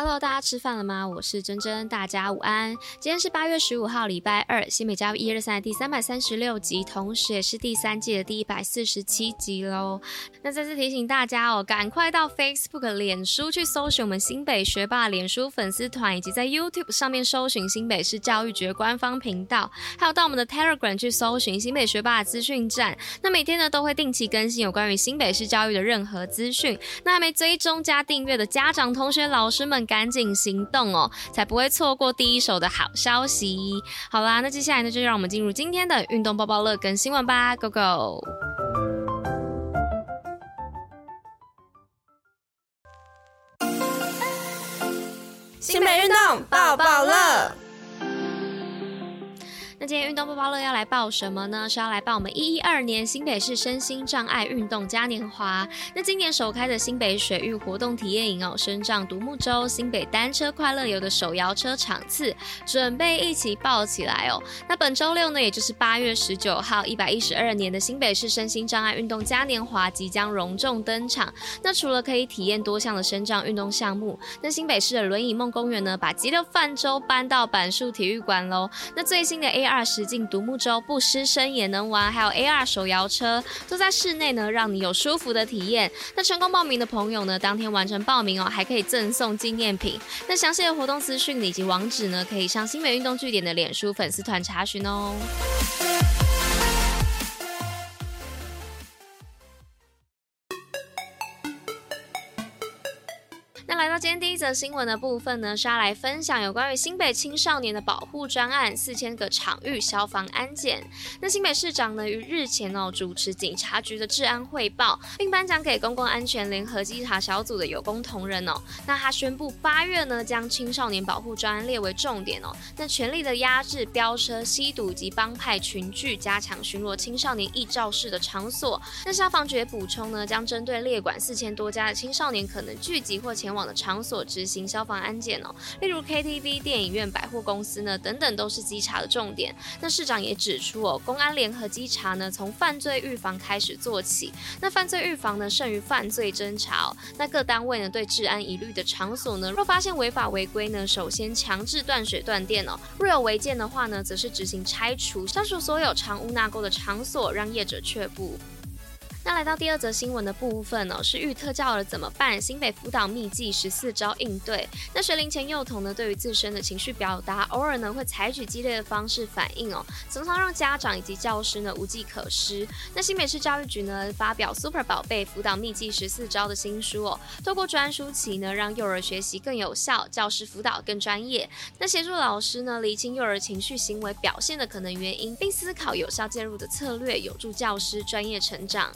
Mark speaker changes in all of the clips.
Speaker 1: Hello，大家吃飯了嗎？我是珍珍，大家午安。今天是八月十五號，禮拜二，新北教育一二三的第三百三十六集，同時也是第三季的第一百四十七集嘍。那再次提醒大家哦，趕快到 Facebook、臉書去搜尋我們新北學霸臉書粉絲團，以及在 YouTube 上面搜尋新北市教育局官方頻道，還有到我們的 Telegram 去搜尋新北學霸資訊站。那每天呢都會定期更新有關於新北市教育的任何資訊。那還沒追蹤加訂閱的家長、同學、老師們。趕緊行動哦，才不會錯過第一手的好消息。好啦，那接下來呢，就讓我們進入今天的運動報報樂跟新聞吧，Go Go！新北運動報報。爆爆今天運動報報樂要來報什麼呢？是要來報我們一一二年新北市身心障礙運動嘉年華。那今年首開的新北水域活動體驗營哦，身障獨木舟、新北單車快樂遊的手搖車場次，準備一起報起來哦。那本周六呢，也就是八月十九號，一百一十二年的新北市身心障礙運動嘉年華即將隆重登場。那除了可以體驗多項的身障運動項目，那新北市的輪椅夢公園呢，把激流泛舟搬到板樹體育館嘍。那最新的 AR 實境獨木舟不濕身，也能玩，還有 AR 手搖車，坐在室內呢，讓你有舒服的體驗。那成功報名的朋友呢，當天完成報名哦，還可以贈送紀念品。那詳細的活動資訊以及網址呢，可以上新北運動據點的臉書粉絲團查詢哦。今天第一則新聞的部分呢，是要來分享有關於新北青少年的保護專案，四千個場域消防安檢。那新北市長呢，於日前哦主持警察局的治安匯報，並頒獎給公共安全聯合稽查小組的有功同仁哦。那他宣布八月呢，將青少年保護專案列為重點哦。那全力的壓制飆車、吸毒及幫派群聚，加強巡邏青少年易肇事的場所。那消防局也補充呢，將針對列管四千多家的青少年可能聚集或前往的場。場所執行消防安檢哦，例如 KTV、電影院、百貨公司呢等等，都是稽查的重點。那市長也指出哦，公安聯合稽查呢，從犯罪預防開始做起。那犯罪預防呢，勝於犯罪偵查哦。那各單位呢，對治安疑慮的場所呢，若發現違法違規呢，首先強制斷水斷電哦。若有違建的話呢，則是執行拆除，消除所有藏污納垢的場所，讓業者卻步。那來到第二則新聞的部分哦，是遇特教兒怎麼辦？新北輔導秘笈十四招應對。那學齡前幼童呢，對於自身的情緒表達，偶爾呢會採取激烈的方式反應哦，常常讓家長以及教師呢無計可施。那新北市教育局呢，發表《Super 寶貝輔導秘笈十四招》的新書哦，透過專書期呢，讓幼兒學習更有效，教師輔導更專業。那協助老師呢，釐清幼兒情緒行為表現的可能原因，並思考有效介入的策略，有助教師專業成長。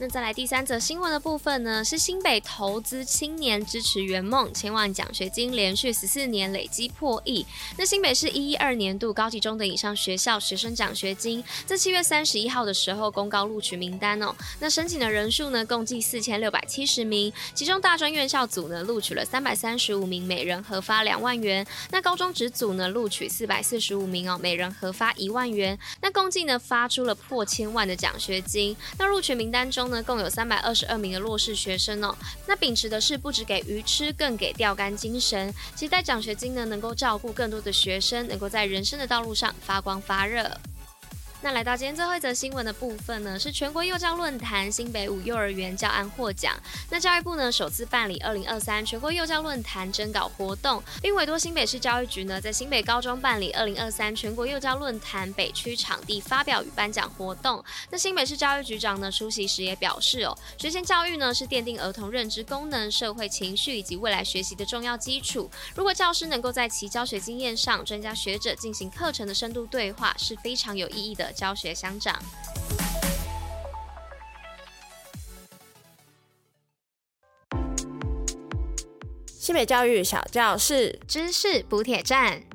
Speaker 1: 那再來第三則新聞的部分呢？是新北投資青年支持圓夢千萬獎學金連續十四年累積破億。那新北市一一二年度高級中等以上學校學生獎學金，在七月三十一號的時候公告錄取名單哦。那申請的人數呢，共計四千六百七十名，其中大專院校組呢錄取了三百三十五名，每人核發兩萬元。那高中職組呢錄取四百四十五名哦，每人核發一萬元。那共計呢發出了破千萬的獎學金。那錄取名單中。呢，共有三百二十二名的弱勢學生哦。那秉持的是不只給魚吃，更給釣竿精神。期待獎學金呢，能夠照顧更多的學生，能夠在人生的道路上發光發熱。那來到今天最後一則新聞的部分呢，是全國幼教論壇新北五幼兒園教案獲獎。那教育部呢首次辦理二零二三全國幼教論壇徵稿活動，並委托新北市教育局呢在新北高中辦理二零二三全國幼教論壇北區場地發表與頒獎活動。那新北市教育局長呢出席時也表示哦，學前教育呢是奠定兒童認知功能、社會情緒以及未來學習的重要基礎。如果教師能夠在其教學經驗上專家學者進行課程的深度對話，是非常有意義的。教學相長。新北教育小教室，知識補帖站。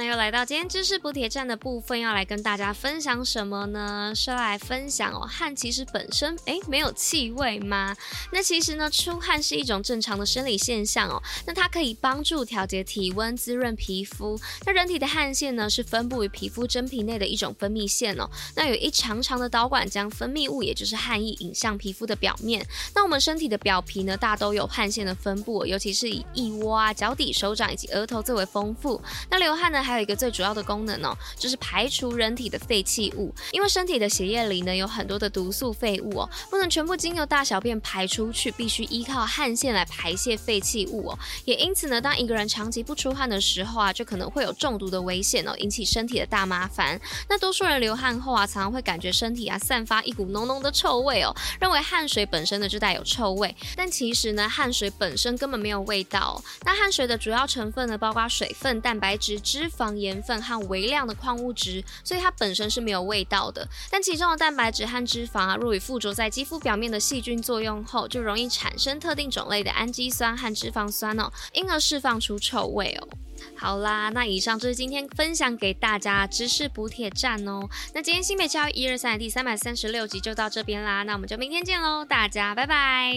Speaker 1: 那又來到今天知識補帖站的部分，要來跟大家分享什麼呢？是來分享哦，汗其實本身，哎，沒有氣味嗎？那其實呢，出汗是一種正常的生理現象哦。那它可以幫助調節體溫、滋潤皮膚。那人體的汗腺呢，是分布於皮膚真皮內的一種分泌腺哦。那有一長長的導管將分泌物，也就是汗液引向皮膚的表面。那我們身體的表皮呢，大都有汗腺的分布哦，尤其是以腋窩啊、腳底、手掌以及額頭最為豐富。那流汗呢？還有一個最主要的功能哦，就是排除人體的廢棄物。因為身體的血液裡呢，有很多的毒素廢物哦，不能全部經由大小便排出去，必須依靠汗腺來排泄廢棄物哦。也因此呢，當一個人長期不出汗的時候啊，就可能會有中毒的危險哦，引起身體的大麻煩。那多數人流汗後啊，常常會感覺身體啊散發一股濃濃的臭味哦，認為汗水本身呢就帶有臭味。但其實呢，汗水本身根本沒有味道哦。那汗水的主要成分呢，包括水分、蛋白質、脂肪、防鹽分和微量的礦物質，所以它本身是沒有味道的。但其中的蛋白質和脂肪啊，若與附着在肌膚表面的細菌作用後，就容易產生特定種類的氨基酸和脂肪酸哦，因而釋放出臭味哦。好啦，那以上就是今天分享給大家知識補帖站哦。那今天新北教育123的第三百三十六集就到這邊啦，那我們就明天見嘍，大家拜拜。